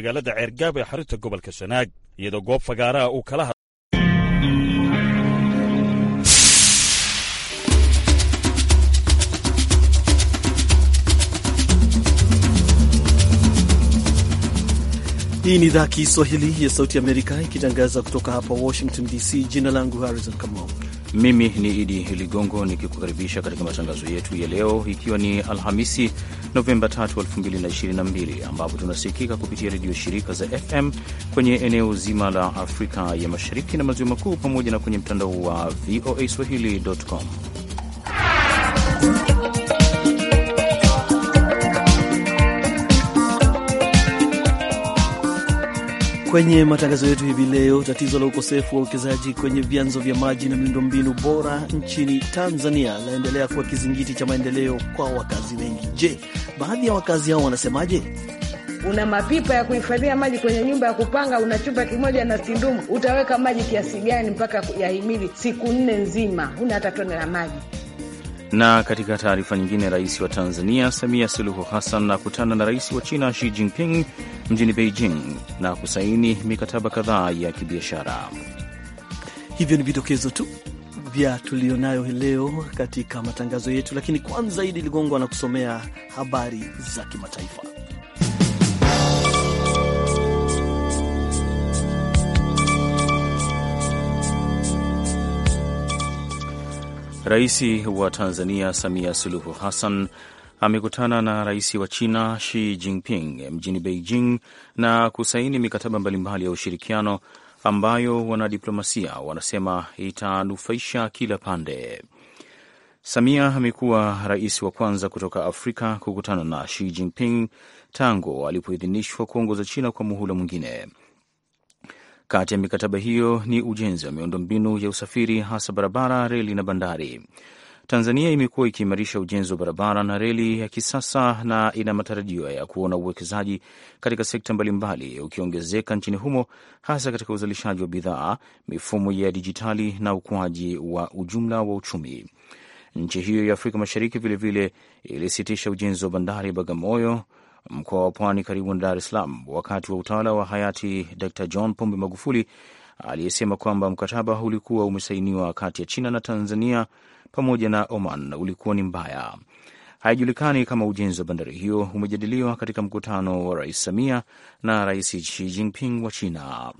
magaalada ceergaab ee xarunta gobolka sanaag iyadoo goob fagaaraha uu kala Hii ni idhaa Kiswahili ya Sauti Amerika ikitangaza kutoka hapa Washington DC. Jina langu Harrison Kamau. Mimi ni Idi Ligongo nikikukaribisha katika matangazo yetu ya leo, ikiwa ni Alhamisi Novemba 3, 2022 ambapo tunasikika kupitia redio shirika za FM kwenye eneo zima la Afrika ya Mashariki na Maziwa Makuu pamoja na kwenye mtandao wa VOA swahili.com Kwenye matangazo yetu hivi leo, tatizo la ukosefu wa uwekezaji kwenye vyanzo vya maji na miundombinu bora nchini Tanzania laendelea kuwa kizingiti cha maendeleo kwa wakazi wengi. Je, baadhi ya wakazi hao wanasemaje? Una mapipa ya kuhifadhia maji kwenye nyumba ya kupanga, una chumba kimoja na sindumu, utaweka maji kiasi gani mpaka yahimili siku nne nzima? Huna hata tone la maji. Na katika taarifa nyingine, rais wa Tanzania Samia Suluhu Hassan nakutana na rais wa China Xi Jinping mjini Beijing na kusaini mikataba kadhaa ya kibiashara. Hivyo ni vidokezo tu vya tulionayo leo katika matangazo yetu, lakini kwanza Idi Ligongwa anakusomea habari za kimataifa. Rais wa Tanzania Samia Suluhu Hassan amekutana na rais wa China Xi Jinping mjini Beijing na kusaini mikataba mbalimbali ya ushirikiano ambayo wanadiplomasia wanasema itanufaisha kila pande. Samia amekuwa rais wa kwanza kutoka Afrika kukutana na Xi Jinping tangu alipoidhinishwa kuongoza China kwa muhula mwingine. Kati ya mikataba hiyo ni ujenzi wa miundombinu ya usafiri, hasa barabara, reli na bandari. Tanzania imekuwa ikiimarisha ujenzi wa barabara na reli ya kisasa na ina matarajio ya kuona uwekezaji katika sekta mbalimbali ukiongezeka nchini humo, hasa katika uzalishaji wa bidhaa, mifumo ya dijitali na ukuaji wa ujumla wa uchumi. Nchi hiyo ya Afrika Mashariki vilevile ilisitisha ujenzi wa bandari Bagamoyo mkoa wa Pwani karibu na Dar es Salaam wakati wa utawala wa hayati Dr John Pombe Magufuli aliyesema kwamba mkataba ulikuwa umesainiwa kati ya China na Tanzania pamoja na Oman ulikuwa ni mbaya. Haijulikani kama ujenzi wa bandari hiyo umejadiliwa katika mkutano wa Rais Samia na Rais Xi Jinping wa China.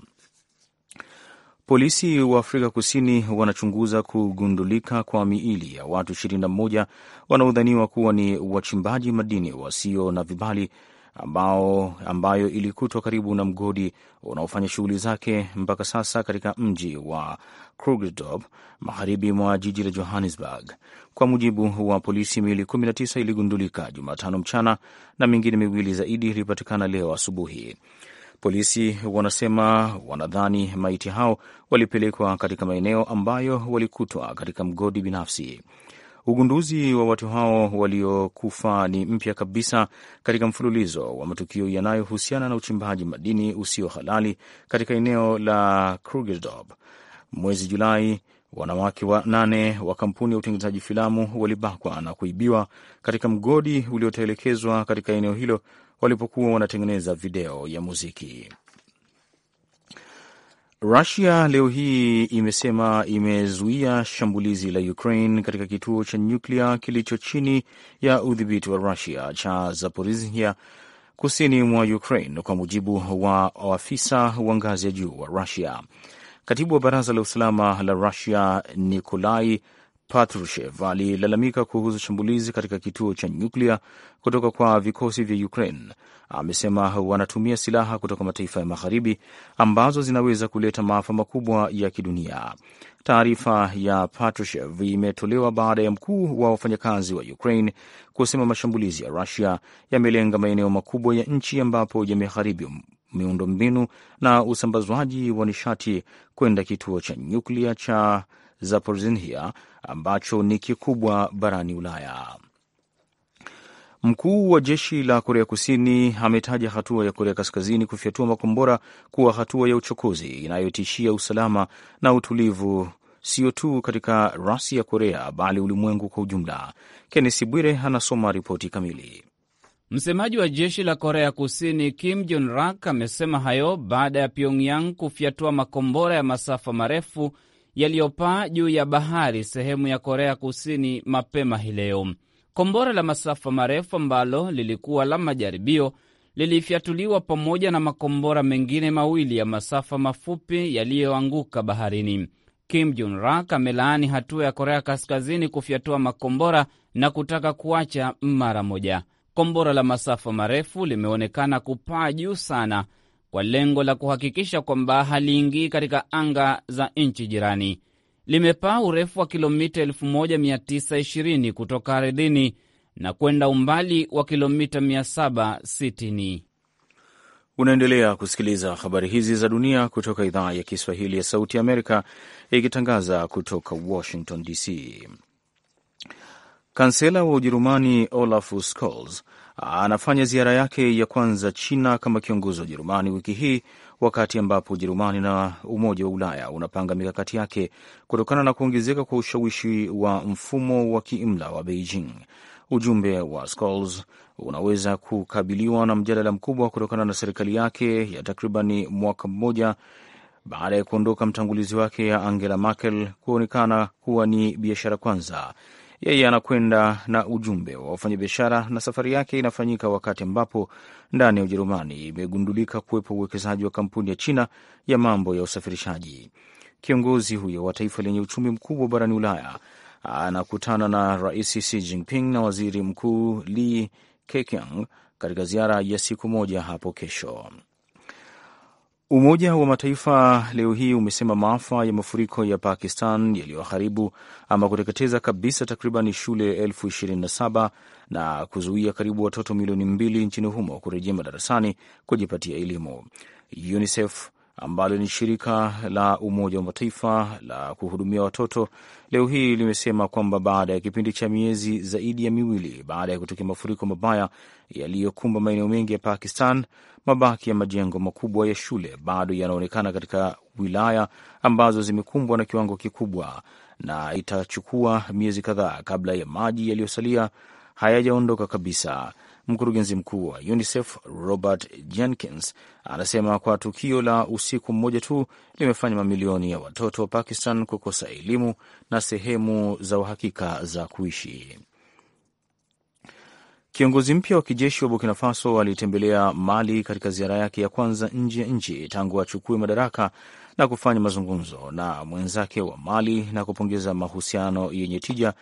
Polisi wa Afrika Kusini wanachunguza kugundulika kwa miili ya watu 21 wanaodhaniwa kuwa ni wachimbaji madini wasio na vibali ambao ambayo ilikutwa karibu na mgodi unaofanya shughuli zake mpaka sasa katika mji wa Krugersdorp magharibi mwa jiji la Johannesburg. Kwa mujibu wa polisi, miili 19 iligundulika Jumatano mchana na mingine miwili zaidi ilipatikana leo asubuhi. Polisi wanasema wanadhani maiti hao walipelekwa katika maeneo ambayo walikutwa katika mgodi binafsi. Ugunduzi wa watu hao waliokufa ni mpya kabisa katika mfululizo wa matukio yanayohusiana na uchimbaji madini usio halali katika eneo la Krugersdorp. Mwezi Julai, wanawake wanane wa kampuni ya utengenezaji filamu walibakwa na kuibiwa katika mgodi uliotelekezwa katika eneo hilo walipokuwa wanatengeneza video ya muziki. Rusia leo hii imesema imezuia shambulizi la Ukraine katika kituo cha nyuklia kilicho chini ya udhibiti wa Rusia cha Zaporizhia kusini mwa Ukraine, kwa mujibu wa afisa wa ngazi ya juu wa Rusia. Katibu wa baraza la usalama la Rusia Nikolai Patrushev alilalamika kuhusu shambulizi katika kituo cha nyuklia kutoka kwa vikosi vya Ukraine. Amesema wanatumia silaha kutoka mataifa ya magharibi ambazo zinaweza kuleta maafa makubwa ya kidunia. Taarifa ya Patrushev imetolewa baada ya mkuu wa wafanyakazi wa Ukraine kusema mashambulizi ya Rusia yamelenga maeneo makubwa ya nchi ambapo yameharibu miundombinu na usambazwaji wa nishati kwenda kituo cha nyuklia cha Zaporizhia ambacho ni kikubwa barani Ulaya. Mkuu wa jeshi la Korea Kusini ametaja hatua ya Korea Kaskazini kufyatua makombora kuwa hatua ya uchokozi inayotishia usalama na utulivu sio tu katika rasi ya Korea bali ulimwengu kwa ujumla. Kennesi Bwire anasoma ripoti kamili. Msemaji wa jeshi la Korea Kusini Kim Jong Rak amesema hayo baada ya Pyongyang kufyatua makombora ya masafa marefu yaliyopaa juu ya bahari sehemu ya Korea Kusini mapema hii leo. Kombora la masafa marefu ambalo lilikuwa la majaribio lilifyatuliwa pamoja na makombora mengine mawili ya masafa mafupi yaliyoanguka baharini. Kim Jong Rak amelaani hatua ya Korea Kaskazini kufyatua makombora na kutaka kuacha mara moja. Kombora la masafa marefu limeonekana kupaa juu sana kwa lengo la kuhakikisha kwamba haliingii katika anga za nchi jirani. Limepaa urefu wa kilomita 1920 kutoka ardhini na kwenda umbali wa kilomita 760. Unaendelea kusikiliza habari hizi za dunia kutoka idhaa ya Kiswahili ya Sauti Amerika ikitangaza kutoka Washington DC. Kansela wa Ujerumani Olaf Scholz anafanya ziara yake ya kwanza China kama kiongozi wa Ujerumani wiki hii, wakati ambapo Ujerumani na Umoja wa Ulaya unapanga mikakati yake kutokana na kuongezeka kwa ushawishi wa mfumo wa kiimla wa Beijing. Ujumbe wa Scholz unaweza kukabiliwa na mjadala mkubwa kutokana na serikali yake ya takribani mwaka mmoja baada ya kuondoka mtangulizi wake ya Angela Merkel kuonekana kuwa ni biashara kwanza yeye anakwenda na ujumbe wa wafanyabiashara na safari yake inafanyika wakati ambapo ndani ya Ujerumani imegundulika kuwepo uwekezaji wa kampuni ya China ya mambo ya usafirishaji. Kiongozi huyo wa taifa lenye uchumi mkubwa barani Ulaya anakutana na Rais Xi Jinping na Waziri Mkuu Li Keqiang katika ziara ya siku moja hapo kesho. Umoja wa Mataifa leo hii umesema maafa ya mafuriko ya Pakistan yaliyoharibu ama kuteketeza kabisa takriban shule elfu na na kuzuia karibu watoto milioni mbili nchini humo kurejea madarasani kujipatia elimu. UNICEF ambalo ni shirika la Umoja wa Mataifa la kuhudumia watoto leo hii limesema kwamba baada ya kipindi cha miezi zaidi ya miwili baada ya kutokea mafuriko mabaya yaliyokumba maeneo mengi ya Pakistan, mabaki ya majengo makubwa ya shule bado yanaonekana katika wilaya ambazo zimekumbwa na kiwango kikubwa, na itachukua miezi kadhaa kabla ya maji yaliyosalia hayajaondoka kabisa. Mkurugenzi mkuu wa UNICEF Robert Jenkins anasema kwa tukio la usiku mmoja tu limefanya mamilioni ya watoto wa Pakistan kukosa elimu na sehemu za uhakika za kuishi. Kiongozi mpya wa kijeshi wa Burkina Faso alitembelea Mali katika ziara yake ya kwanza nje ya nchi tangu achukue madaraka na kufanya mazungumzo na mwenzake wa Mali na kupongeza mahusiano yenye tija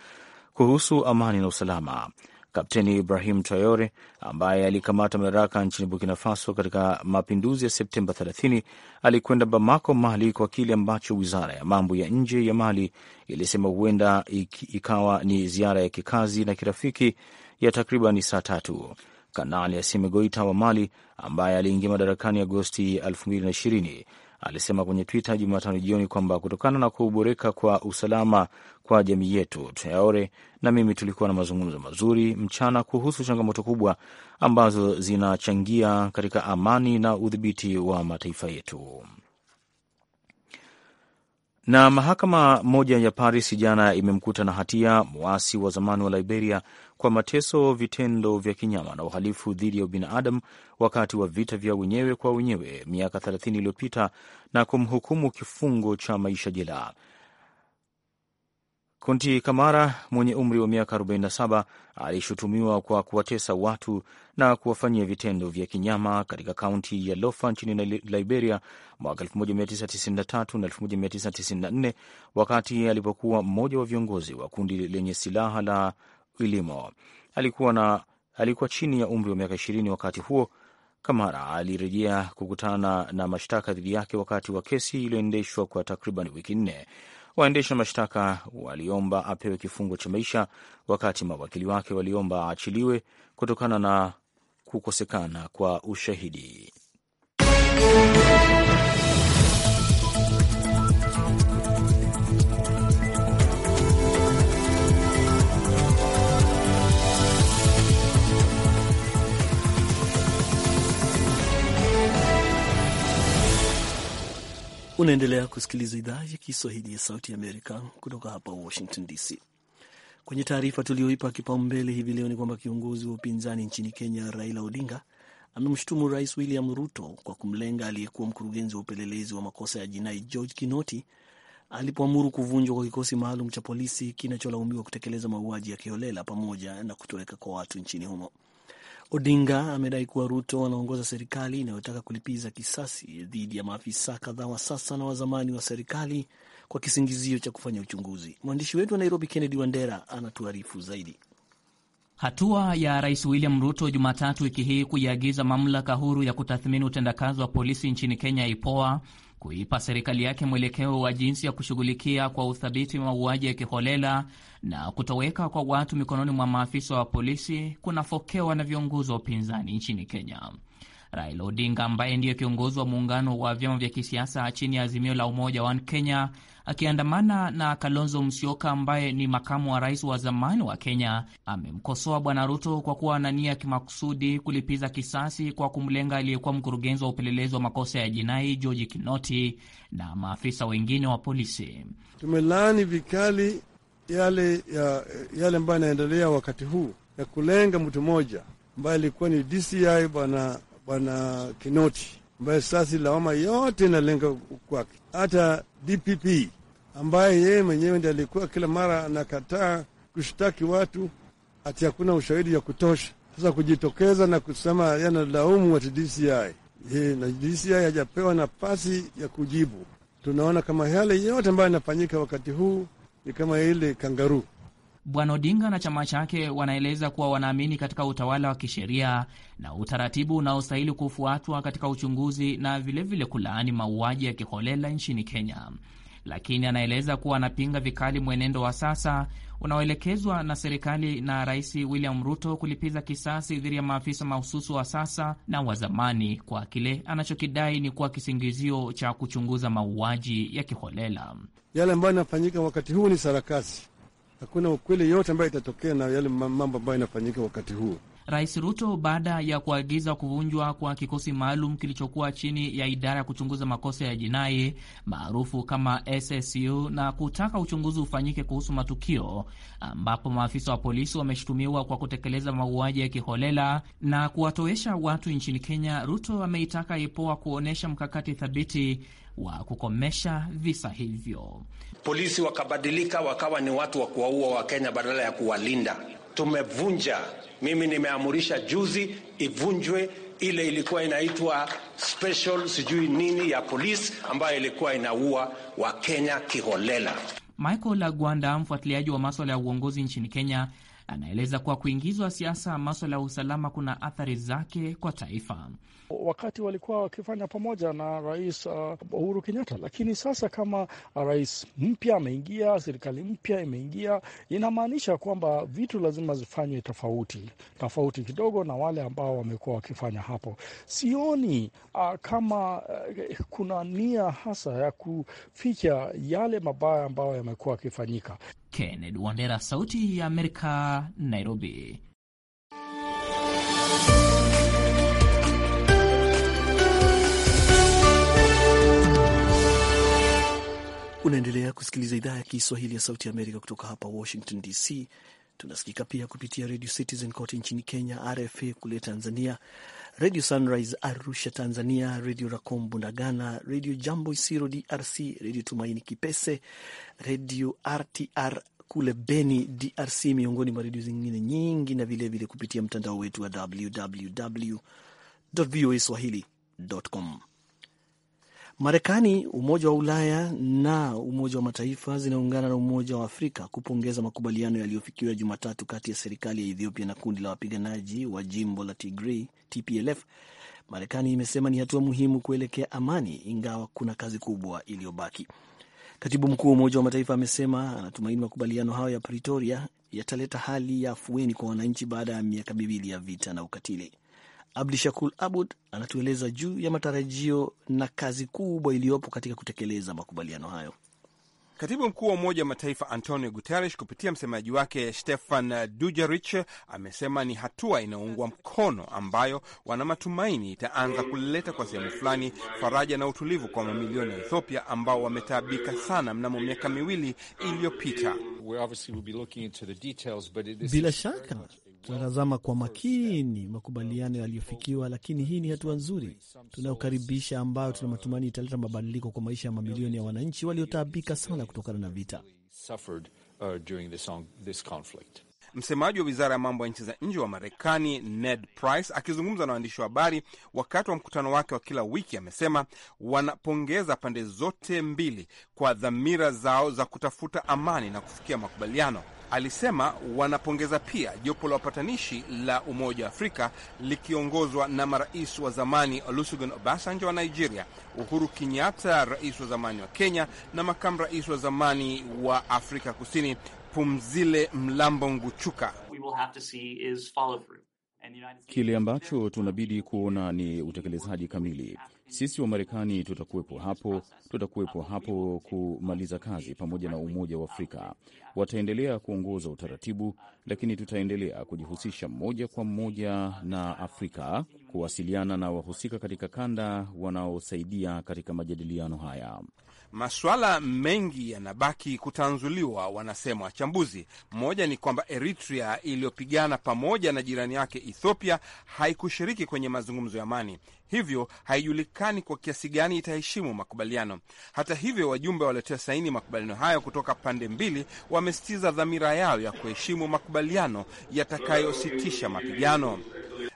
kuhusu amani na usalama. Kapteni Ibrahim tayore ambaye alikamata madaraka nchini Burkina Faso katika mapinduzi ya Septemba 30 alikwenda Bamako, Mali, kwa kile ambacho wizara ya mambo ya nje ya Mali ilisema huenda ikawa ni ziara ya kikazi na kirafiki ya takriban saa tatu. Kanali Assimi Goita wa Mali ambaye aliingia madarakani Agosti 2020 alisema kwenye Twitter Jumatano jioni kwamba kutokana na kuboreka kwa usalama kwa jamii yetu. Traore na mimi tulikuwa na mazungumzo mazuri mchana kuhusu changamoto kubwa ambazo zinachangia katika amani na udhibiti wa mataifa yetu. Na mahakama moja ya Paris jana imemkuta na hatia mwasi wa zamani wa Liberia kwa mateso, vitendo vya kinyama na uhalifu dhidi ya ubinadamu wakati wa vita vya wenyewe kwa wenyewe miaka 30 iliyopita na kumhukumu kifungo cha maisha jela. Konti Kamara mwenye umri wa miaka 47 alishutumiwa kwa kuwatesa watu na kuwafanyia vitendo vya kinyama katika kaunti ya Lofa nchini Liberia mwaka 1993 na 1994 wakati alipokuwa mmoja wa viongozi wa kundi lenye silaha la Ilimo. Alikuwa, na, alikuwa chini ya umri wa miaka 20 wakati huo. Kamara alirejea kukutana na mashtaka dhidi yake wakati wa kesi iliyoendeshwa kwa takriban wiki nne. Waendesha mashtaka waliomba apewe kifungo cha maisha, wakati mawakili wake waliomba aachiliwe kutokana na kukosekana kwa ushahidi. Unaendelea kusikiliza idhaa ya Kiswahili ya Sauti ya Amerika kutoka hapa Washington DC. Kwenye taarifa tuliyoipa kipaumbele hivi leo ni kwamba kiongozi wa upinzani nchini Kenya Raila Odinga amemshutumu Rais William Ruto kwa kumlenga aliyekuwa mkurugenzi wa upelelezi wa makosa ya jinai George Kinoti alipoamuru kuvunjwa kwa kikosi maalum cha polisi kinacholaumiwa kutekeleza mauaji ya kiholela pamoja na kutoweka kwa watu nchini humo. Odinga amedai kuwa Ruto anaongoza serikali inayotaka kulipiza kisasi dhidi ya maafisa kadhaa wa sasa na wa zamani wa serikali kwa kisingizio cha kufanya uchunguzi. Mwandishi wetu wa Nairobi, Kennedy Wandera, anatuarifu zaidi. Hatua ya Rais William Ruto Jumatatu wiki hii kuiagiza mamlaka huru ya kutathmini utendakazi wa polisi nchini Kenya, IPOA, kuipa serikali yake mwelekeo wa jinsi ya kushughulikia kwa uthabiti mauaji ya kiholela na kutoweka kwa watu mikononi mwa maafisa wa polisi kunafokewa na viongozi wa upinzani nchini Kenya. Raila Odinga ambaye ndiye kiongozi wa muungano wa vyama vya kisiasa chini ya Azimio la Umoja wa Kenya akiandamana na Kalonzo Musyoka ambaye ni makamu wa rais wa zamani wa Kenya, amemkosoa Bwana Ruto kwa kuwa na nia kimakusudi kulipiza kisasi kwa kumlenga aliyekuwa mkurugenzi wa upelelezi wa makosa ya jinai George Kinoti na maafisa wengine wa polisi. Tumelaani vikali yale ya, yale ambayo yanaendelea wakati huu ya kulenga mtu mmoja ambaye alikuwa ni DCI bwana Kinoti ambaye sasi lawama yote inalenga kwake. Hata DPP ambaye yeye mwenyewe ndiye alikuwa kila mara anakataa kushtaki watu ati hakuna ushahidi ya kutosha, sasa kujitokeza na kusema yanalaumu watu DCI na DCI hajapewa nafasi ya kujibu. Tunaona kama yale yote ambayo yanafanyika wakati huu ni kama ile kangaruu Bwana Odinga na chama chake wanaeleza kuwa wanaamini katika utawala wa kisheria na utaratibu unaostahili kufuatwa katika uchunguzi na vilevile kulaani mauaji ya kiholela nchini Kenya, lakini anaeleza kuwa anapinga vikali mwenendo wa sasa unaoelekezwa na serikali na Rais William Ruto kulipiza kisasi dhidi ya maafisa mahususu wa sasa na wa zamani kwa kile anachokidai ni kuwa kisingizio cha kuchunguza mauaji ya kiholela. Yale ambayo inafanyika wakati huu ni sarakasi hakuna ukweli yote ambayo itatokea na yale mambo ambayo inafanyika wakati huu. Rais Ruto baada ya kuagiza kuvunjwa kwa kikosi maalum kilichokuwa chini ya idara ya kuchunguza makosa ya jinai maarufu kama SSU na kutaka uchunguzi ufanyike kuhusu matukio ambapo maafisa wa polisi wameshutumiwa kwa kutekeleza mauaji ya kiholela na kuwatoesha watu nchini Kenya, Ruto ameitaka IPOA kuonyesha mkakati thabiti wa kukomesha visa hivyo. Polisi wakabadilika wakawa ni watu wa kuwaua Wakenya badala ya kuwalinda tumevunja. Mimi nimeamurisha juzi ivunjwe ile ilikuwa inaitwa special sijui nini ya polisi ambayo ilikuwa inaua wa kenya kiholela. Michael Lagwanda, mfuatiliaji wa maswala ya uongozi nchini Kenya, anaeleza kuwa kuingizwa siasa maswala ya usalama kuna athari zake kwa taifa wakati walikuwa wakifanya pamoja na Rais uh, Uhuru Kenyatta. Lakini sasa kama uh, rais mpya ameingia, serikali mpya imeingia, inamaanisha kwamba vitu lazima zifanywe tofauti tofauti kidogo na wale ambao wamekuwa wakifanya hapo. Sioni uh, kama uh, kuna nia hasa ya kuficha yale mabaya ambayo yamekuwa yakifanyika. Kennedy Wandera, Sauti ya Amerika, Nairobi. Unaendelea kusikiliza idhaa ya Kiswahili ya Sauti ya Amerika kutoka hapa Washington DC. Tunasikika pia kupitia Radio Citizen kote nchini Kenya, RFA kule Tanzania, Radio Sunrise Arusha Tanzania, Radio Racom na Radio Jambo Isiro DRC, Radio Tumaini Kipese, Radio RTR kule Beni DRC, miongoni mwa redio zingine nyingi, na vilevile kupitia mtandao wetu wa www voa swahili.com. Marekani, Umoja wa Ulaya na Umoja wa Mataifa zinaungana na Umoja wa Afrika kupongeza makubaliano yaliyofikiwa Jumatatu kati ya serikali ya Ethiopia na kundi la wapiganaji wa jimbo la Tigray, TPLF. Marekani imesema ni hatua muhimu kuelekea amani, ingawa kuna kazi kubwa iliyobaki. Katibu mkuu wa Umoja wa Mataifa amesema anatumaini makubaliano hayo ya Pretoria yataleta hali ya afueni kwa wananchi baada ya miaka miwili ya vita na ukatili. Abdishakur Abud anatueleza juu ya matarajio na kazi kubwa iliyopo katika kutekeleza makubaliano hayo. Katibu mkuu wa Umoja wa Mataifa Antonio Guterres kupitia msemaji wake Stefan dujerich amesema ni hatua inayoungwa mkono ambayo wana matumaini itaanza kuleta kwa sehemu fulani faraja na utulivu kwa mamilioni ya Ethiopia ambao wametaabika sana mnamo miaka miwili iliyopita. Bila shaka tunatazama kwa makini makubaliano yaliyofikiwa, lakini hii ni hatua nzuri tunayokaribisha, ambayo tuna matumaini italeta mabadiliko kwa maisha ya mamilioni ya wananchi waliotaabika sana kutokana na vita. Msemaji wa wizara ya mambo ya nchi za nje wa Marekani Ned Price akizungumza na waandishi wa habari wakati wa mkutano wake wa kila wiki amesema wanapongeza pande zote mbili kwa dhamira zao za kutafuta amani na kufikia makubaliano Alisema wanapongeza pia jopo la wapatanishi la Umoja wa Afrika likiongozwa na marais wa zamani Olusegun Obasanjo wa Nigeria, Uhuru Kenyatta rais wa zamani wa Kenya, na makamu rais wa zamani wa Afrika Kusini Pumzile Mlambo Nguchuka. Kile ambacho tunabidi kuona ni utekelezaji kamili. Sisi wa Marekani tutakuwepo hapo, tutakuwepo hapo kumaliza kazi pamoja na Umoja wa Afrika. Wataendelea kuongoza utaratibu, lakini tutaendelea kujihusisha moja kwa moja na Afrika kuwasiliana na wahusika katika kanda wanaosaidia katika majadiliano haya. Masuala mengi yanabaki kutanzuliwa, wanasema wachambuzi. Mmoja ni kwamba Eritrea iliyopigana pamoja na jirani yake Ethiopia haikushiriki kwenye mazungumzo ya amani, hivyo haijulikani kwa kiasi gani itaheshimu makubaliano. Hata hivyo, wajumbe waliotia saini makubaliano hayo kutoka pande mbili wamesitiza dhamira yao ya kuheshimu makubaliano yatakayositisha mapigano.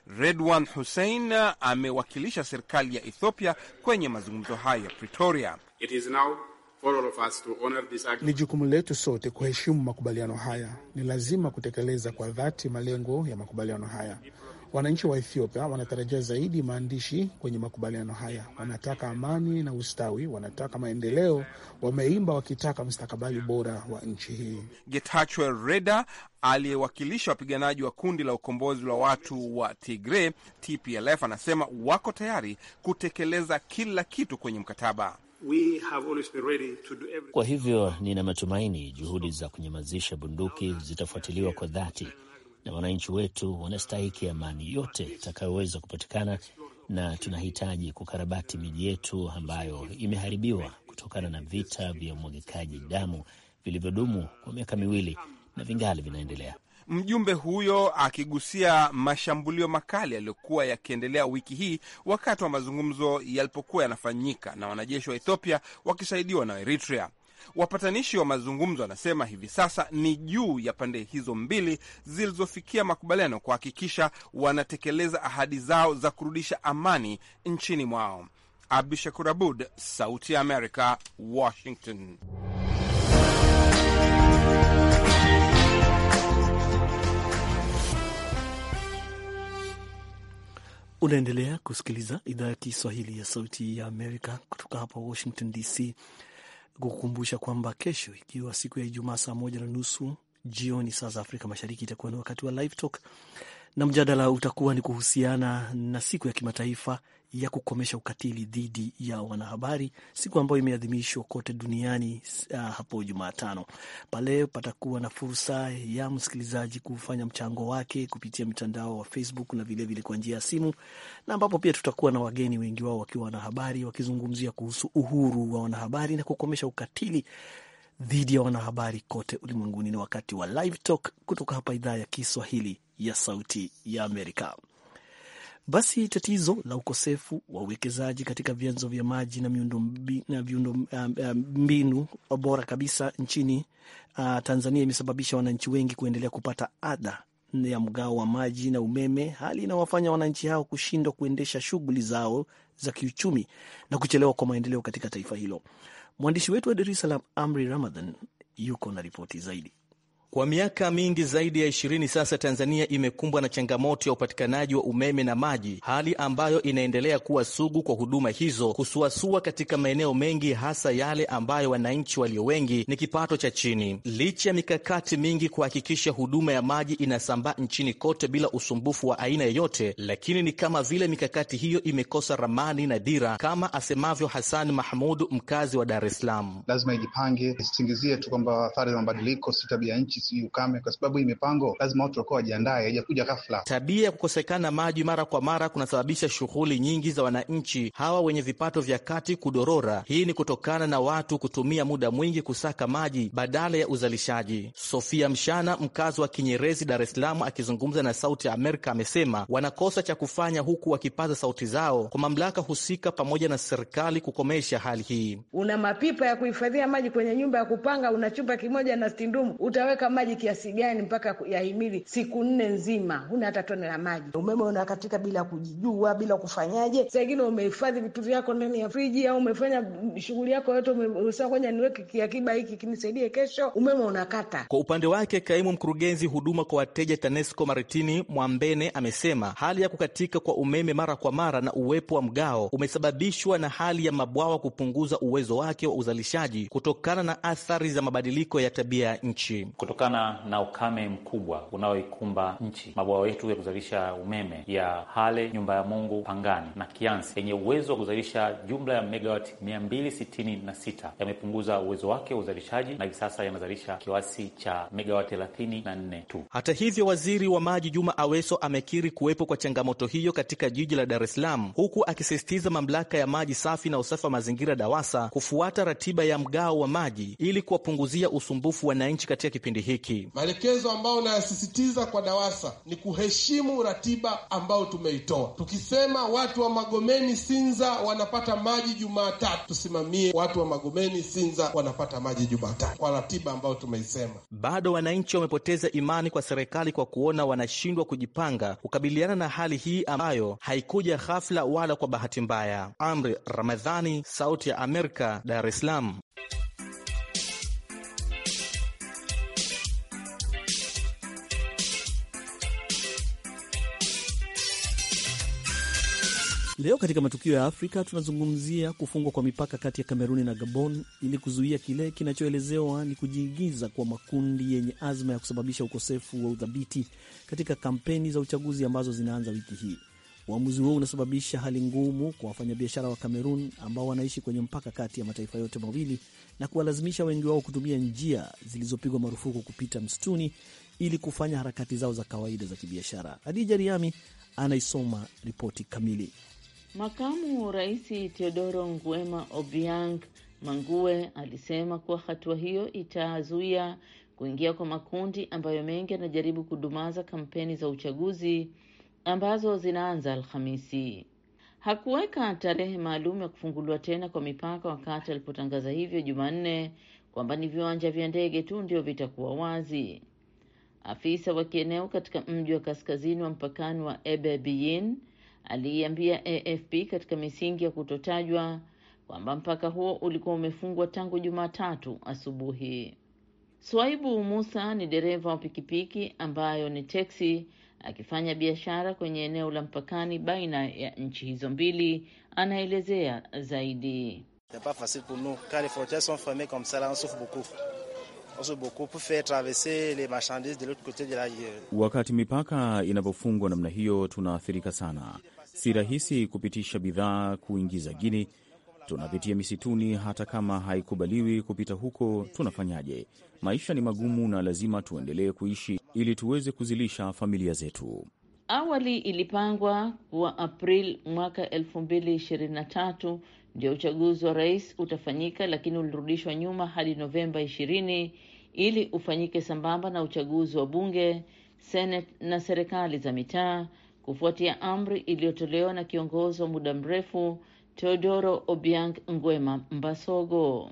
Redwan Hussein amewakilisha serikali ya Ethiopia kwenye mazungumzo hayo ya Pretoria. It is now ni jukumu letu sote kuheshimu makubaliano haya. Ni lazima kutekeleza kwa dhati malengo ya makubaliano haya. Wananchi wa Ethiopia wanatarajia zaidi maandishi kwenye makubaliano haya. Wanataka amani na ustawi, wanataka maendeleo, wameimba wakitaka mstakabali bora wa nchi hii. Getachew Reda aliyewakilisha wapiganaji wa kundi la ukombozi wa watu wa tigre TPLF anasema wako tayari kutekeleza kila kitu kwenye mkataba. Kwa hivyo nina matumaini juhudi za kunyamazisha bunduki zitafuatiliwa kwa dhati na wananchi wetu wanastahiki amani yote itakayoweza kupatikana, na tunahitaji kukarabati miji yetu ambayo imeharibiwa kutokana na vita vya umwagikaji damu vilivyodumu kwa miaka miwili na vingali vinaendelea. Mjumbe huyo akigusia mashambulio makali yaliyokuwa yakiendelea wiki hii wakati wa mazungumzo yalipokuwa yanafanyika na wanajeshi wa Ethiopia wakisaidiwa na Eritrea. Wapatanishi wa mazungumzo wanasema hivi sasa ni juu ya pande hizo mbili zilizofikia makubaliano kuhakikisha wanatekeleza ahadi zao za kurudisha amani nchini mwao. Abdu Shakur Abud, Sauti ya Amerika, Washington. Unaendelea kusikiliza idhaa ya Kiswahili ya Sauti ya Amerika kutoka hapa Washington DC kukumbusha kwamba kesho, ikiwa siku ya Ijumaa saa moja na nusu jioni saa za Afrika Mashariki, itakuwa ni wakati wa Live Talk na mjadala utakuwa ni kuhusiana na siku ya kimataifa ya kukomesha ukatili dhidi ya wanahabari, siku ambayo imeadhimishwa kote duniani uh, hapo Jumatano. Pale patakuwa na fursa ya msikilizaji kufanya mchango wake kupitia mtandao wa Facebook na vilevile kwa njia ya simu, na ambapo pia tutakuwa na wageni wengi wao wakiwa wanahabari wakizungumzia kuhusu uhuru wa wanahabari na kukomesha ukatili dhidi ya wanahabari kote ulimwenguni. Ni wakati wa Live Talk kutoka hapa idhaa ya Kiswahili ya Sauti ya Amerika. Basi tatizo la ukosefu wa uwekezaji katika vyanzo vya maji na miundo um, um, mbinu bora kabisa nchini uh, Tanzania imesababisha wananchi wengi kuendelea kupata ada ya mgao wa maji na umeme, hali inawafanya wananchi hao kushindwa kuendesha shughuli zao za kiuchumi na kuchelewa kwa maendeleo katika taifa hilo. Mwandishi wetu wa Dar es Salaam, Amri Ramadhan, yuko na ripoti zaidi. Kwa miaka mingi zaidi ya ishirini sasa, Tanzania imekumbwa na changamoto ya upatikanaji wa umeme na maji, hali ambayo inaendelea kuwa sugu kwa huduma hizo kusuasua katika maeneo mengi, hasa yale ambayo wananchi walio wengi ni kipato cha chini. Licha ya mikakati mingi kuhakikisha huduma ya maji inasambaa nchini kote bila usumbufu wa aina yoyote, lakini ni kama vile mikakati hiyo imekosa ramani na dira, kama asemavyo hasani Mahmud, mkazi wa Dar es Salaam. Lazima ijipange, isingizie tu kwamba athari za mabadiliko si tabia nchi hii ukame, kwa sababu hii mipango lazima watu wakuwa wajiandae, haijakuja ghafla. Tabia ya kukosekana maji mara kwa mara kunasababisha shughuli nyingi za wananchi hawa wenye vipato vya kati kudorora. Hii ni kutokana na watu kutumia muda mwingi kusaka maji badala ya uzalishaji. Sofia Mshana, mkazi wa Kinyerezi, Dar es Salaam, akizungumza na Sauti ya Amerika amesema wanakosa cha kufanya huku wakipaza sauti zao kwa mamlaka husika pamoja na serikali kukomesha hali hii. Una mapipa ya kuhifadhia maji kwenye nyumba ya kupanga, una chumba kimoja na stindumu, utaweka maji kiasi gani mpaka yahimili siku nne nzima, huna hata tone la maji. Umeme unakatika bila kujijua, bila kufanyaje. Saa ingine umehifadhi vitu vyako ndani ya friji au umefanya shughuli yako yote, umesema kwenye niweke kiakiba hiki kinisaidie kesho, umeme unakata. Kwa upande wake, kaimu mkurugenzi huduma kwa wateja TANESCO Maritini Mwambene amesema hali ya kukatika kwa umeme mara kwa mara na uwepo wa mgao umesababishwa na hali ya mabwawa kupunguza uwezo wake wa uzalishaji kutokana na athari za mabadiliko ya tabia ya nchi kutoka kutokana na ukame mkubwa unaoikumba nchi. Mabwawa yetu ya kuzalisha umeme ya Hale, Nyumba ya Mungu, Pangani na Kiansi yenye uwezo wa kuzalisha jumla ya megawati 266 yamepunguza uwezo wake wa uzalishaji na hivi sasa yanazalisha kiwasi cha megawati 34 tu. Hata hivyo, waziri wa maji Juma Aweso amekiri kuwepo kwa changamoto hiyo katika jiji la Dar es Salaam, huku akisisitiza mamlaka ya maji safi na usafi wa mazingira DAWASA kufuata ratiba ya mgao wa maji ili kuwapunguzia usumbufu wananchi katika kipindi hiki. Maelekezo ambayo nayasisitiza kwa DAWASA ni kuheshimu ratiba ambayo tumeitoa, tukisema watu wa Magomeni Sinza wanapata maji Jumatatu, tusimamie watu wa Magomeni Sinza wanapata maji Jumatatu kwa ratiba ambayo tumeisema. Bado wananchi wamepoteza imani kwa serikali kwa kuona wanashindwa kujipanga kukabiliana na hali hii ambayo haikuja ghafla wala kwa bahati mbaya. Amri Ramadhani, Sauti ya Amerika, Dar es Salaam. Leo katika matukio ya Afrika tunazungumzia kufungwa kwa mipaka kati ya Kameruni na Gabon ili kuzuia kile kinachoelezewa ni kujiingiza kwa makundi yenye azma ya kusababisha ukosefu wa uthabiti katika kampeni za uchaguzi ambazo zinaanza wiki hii. Uamuzi huo unasababisha hali ngumu kwa wafanyabiashara wa Kamerun ambao wanaishi kwenye mpaka kati ya mataifa yote mawili na kuwalazimisha wengi wao kutumia njia zilizopigwa marufuku kupita msituni ili kufanya harakati zao za kawaida za kibiashara. Hadija Riami anaisoma ripoti kamili. Makamu Rais Teodoro Nguema Obiang Mangue alisema kuwa hatua hiyo itazuia kuingia kwa makundi ambayo mengi yanajaribu kudumaza kampeni za uchaguzi ambazo zinaanza Alhamisi. Hakuweka tarehe maalum ya kufunguliwa tena kwa mipaka wakati alipotangaza hivyo Jumanne kwamba ni viwanja vya ndege tu ndio vitakuwa wazi. Afisa wa kieneo katika mji wa kaskazini wa mpakani wa Ebebiyin aliiambia AFP katika misingi ya kutotajwa kwamba mpaka huo ulikuwa umefungwa tangu Jumatatu asubuhi. Swaibu Musa ni dereva wa pikipiki ambayo ni teksi akifanya biashara kwenye eneo la mpakani baina ya nchi hizo mbili, anaelezea zaidi. Wakati mipaka inapofungwa namna hiyo, tunaathirika sana. Si rahisi kupitisha bidhaa kuingiza gini Tunapitia misituni, hata kama haikubaliwi kupita huko. Tunafanyaje? Maisha ni magumu na lazima tuendelee kuishi ili tuweze kuzilisha familia zetu. Awali ilipangwa kuwa April mwaka 2023 ndio uchaguzi wa rais utafanyika, lakini ulirudishwa nyuma hadi Novemba 20 ili ufanyike sambamba na uchaguzi wa bunge, seneti na serikali za mitaa kufuatia amri iliyotolewa na kiongozi wa muda mrefu Teodoro Obiang Nguema Mbasogo.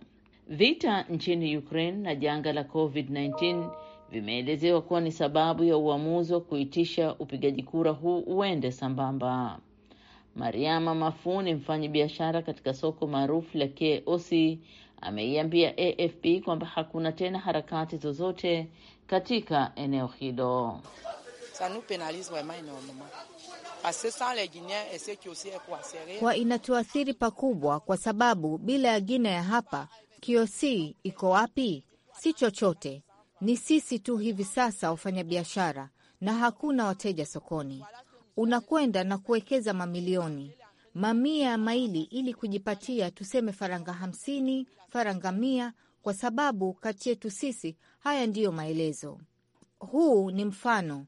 Vita nchini Ukraine na janga la COVID-19 vimeelezewa kuwa ni sababu ya uamuzi wa kuitisha upigaji kura huu uende sambamba. Mariama Mafu ni mfanyi biashara katika soko maarufu la Koc ameiambia AFP kwamba hakuna tena harakati zozote katika eneo hilo ça nous pénalise vraiment énormément. Kwa inatuathiri pakubwa, kwa sababu bila ya Gine ya hapa kiosi iko wapi? Si chochote, ni sisi tu hivi sasa wafanyabiashara, na hakuna wateja sokoni. Unakwenda na kuwekeza mamilioni mamia ya maili ili kujipatia tuseme faranga hamsini, faranga mia, kwa sababu kati yetu sisi haya ndiyo maelezo. Huu ni mfano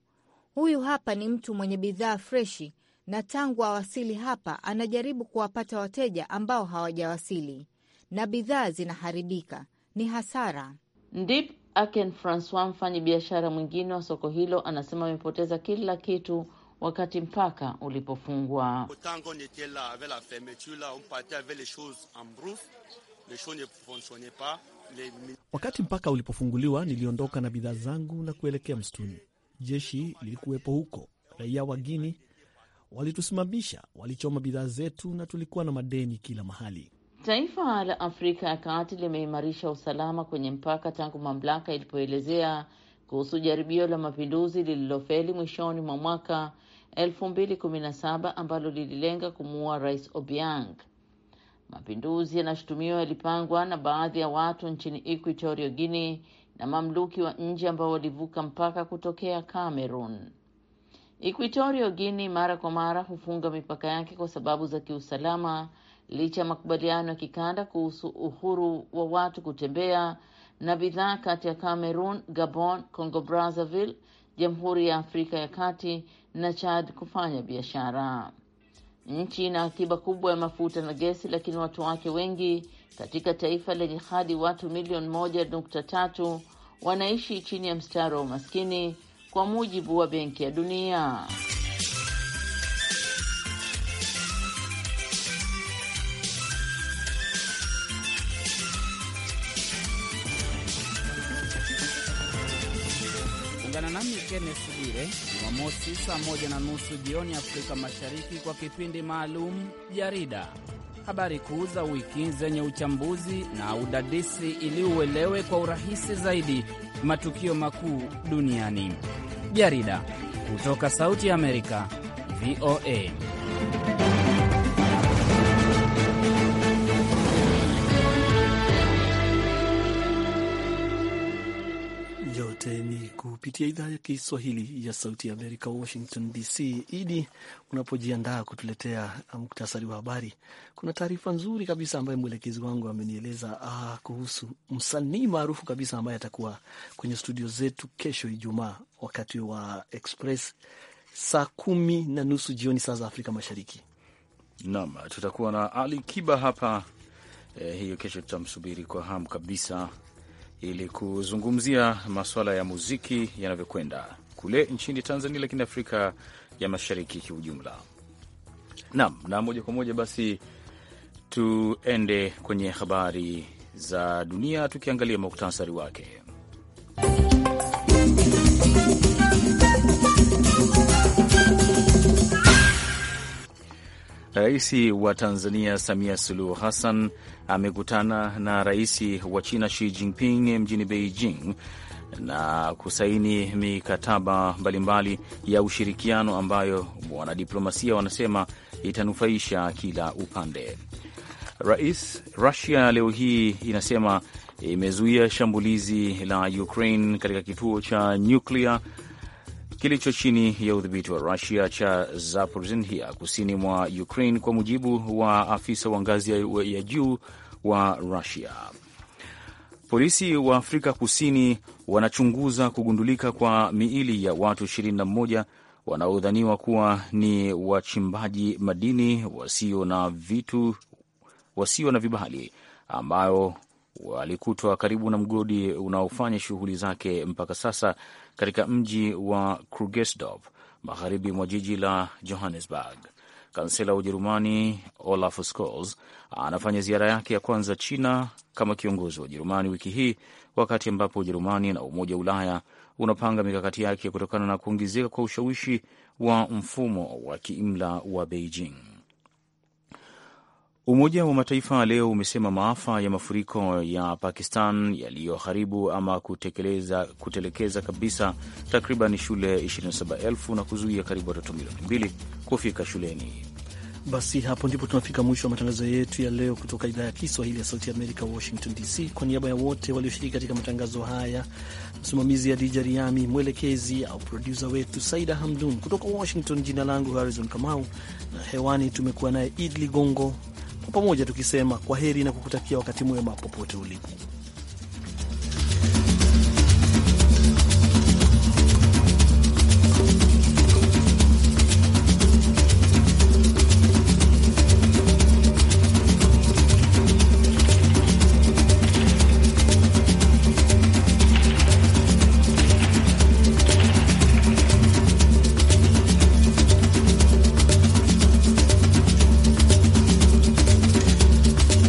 Huyu hapa ni mtu mwenye bidhaa freshi, na tangu awasili hapa anajaribu kuwapata wateja ambao hawajawasili na bidhaa zinaharibika, ni hasara. Ndip Aken Francois, biashara mwingine wa soko hilo, anasema amepoteza kila kitu wakati mpaka ulipofungwa. Wakati mpaka ulipofunguliwa, niliondoka na bidhaa zangu na kuelekea msituni jeshi lilikuwepo huko. Raia wa Guini walitusimamisha, walichoma bidhaa zetu na tulikuwa na madeni kila mahali. Taifa la Afrika ya Kati limeimarisha usalama kwenye mpaka tangu mamlaka ilipoelezea kuhusu jaribio la mapinduzi lililofeli mwishoni mwa mwaka 2017 ambalo lililenga kumuua Rais Obiang. Mapinduzi yanashutumiwa yalipangwa na baadhi ya watu nchini Equatorial Guinea na mamluki wa nje ambao walivuka mpaka kutokea Cameroon. Equatorial Guinea mara kwa mara hufunga mipaka yake kwa sababu za kiusalama licha ya makubaliano ya kikanda kuhusu uhuru wa watu kutembea na bidhaa kati ya Cameroon, Gabon, Congo Brazzaville, Jamhuri ya Afrika ya Kati na Chad kufanya biashara. Nchi ina akiba kubwa ya mafuta na gesi, lakini watu wake wengi katika taifa lenye hadi watu milioni moja nukta tatu wanaishi chini ya mstari wa umaskini kwa mujibu wa Benki ya Dunia. Ungana nami Kennes Bwire Jumamosi saa moja na nusu jioni Afrika Mashariki kwa kipindi maalum Jarida habari kuu za wiki zenye uchambuzi na udadisi ili uelewe kwa urahisi zaidi matukio makuu duniani. Jarida kutoka Sauti ya Amerika, VOA. kupitia idhaa ya Kiswahili ya Sauti ya Amerika, Washington DC. Idi, unapojiandaa kutuletea muktasari wa habari, kuna taarifa nzuri kabisa ambayo mwelekezi wangu amenieleza ah, kuhusu msanii maarufu kabisa ambaye atakuwa kwenye studio zetu kesho Ijumaa wakati wa Express saa kumi na nusu jioni saa za Afrika Mashariki. Naam, tutakuwa na Ali Kiba hapa eh, hiyo kesho tutamsubiri kwa hamu kabisa ili kuzungumzia masuala ya muziki yanavyokwenda kule nchini Tanzania, lakini Afrika ya Mashariki kiujumla. Naam, na moja kwa moja basi tuende kwenye habari za dunia tukiangalia muktasari wake. Rais wa Tanzania Samia Suluhu Hassan amekutana na rais wa China Xi Jinping mjini Beijing na kusaini mikataba mbalimbali ya ushirikiano ambayo wanadiplomasia wanasema itanufaisha kila upande. Rais Rusia leo hii inasema imezuia shambulizi la Ukraine katika kituo cha nyuklia kilicho chini ya udhibiti wa Rusia cha Zaporizhia kusini mwa Ukraine, kwa mujibu wa afisa wa ngazi ya juu wa Rusia. Polisi wa Afrika Kusini wanachunguza kugundulika kwa miili ya watu 21 wanaodhaniwa kuwa ni wachimbaji madini wasio na vitu wasio na vibali ambayo walikutwa karibu na mgodi unaofanya shughuli zake mpaka sasa katika mji wa Krugersdorp magharibi mwa jiji la Johannesburg. Kansela wa Ujerumani Olaf Scholz anafanya ziara yake ya kwanza China kama kiongozi wa Ujerumani wiki hii, wakati ambapo Ujerumani na Umoja wa Ulaya unapanga mikakati yake kutokana na kuongezeka kwa ushawishi wa mfumo wa kiimla wa Beijing. Umoja wa Mataifa leo umesema maafa ya mafuriko ya Pakistan yaliyoharibu ama kutekeleza kutelekeza kabisa takriban shule 27,000 na kuzuia karibu watoto milioni 2 kufika shuleni. Basi hapo ndipo tunafika mwisho wa matangazo yetu ya leo kutoka idhaa ya Kiswahili ya Sauti Amerika, Washington DC. Kwa niaba ya wote walioshiriki katika matangazo haya, msimamizi ya Dija Riami, mwelekezi au produsa wetu Saida Hamdun kutoka Washington. Jina langu Harrison Kamau na hewani tumekuwa naye Idli Gongo kwa pamoja tukisema kwa heri na kukutakia wakati mwema popote ulipo.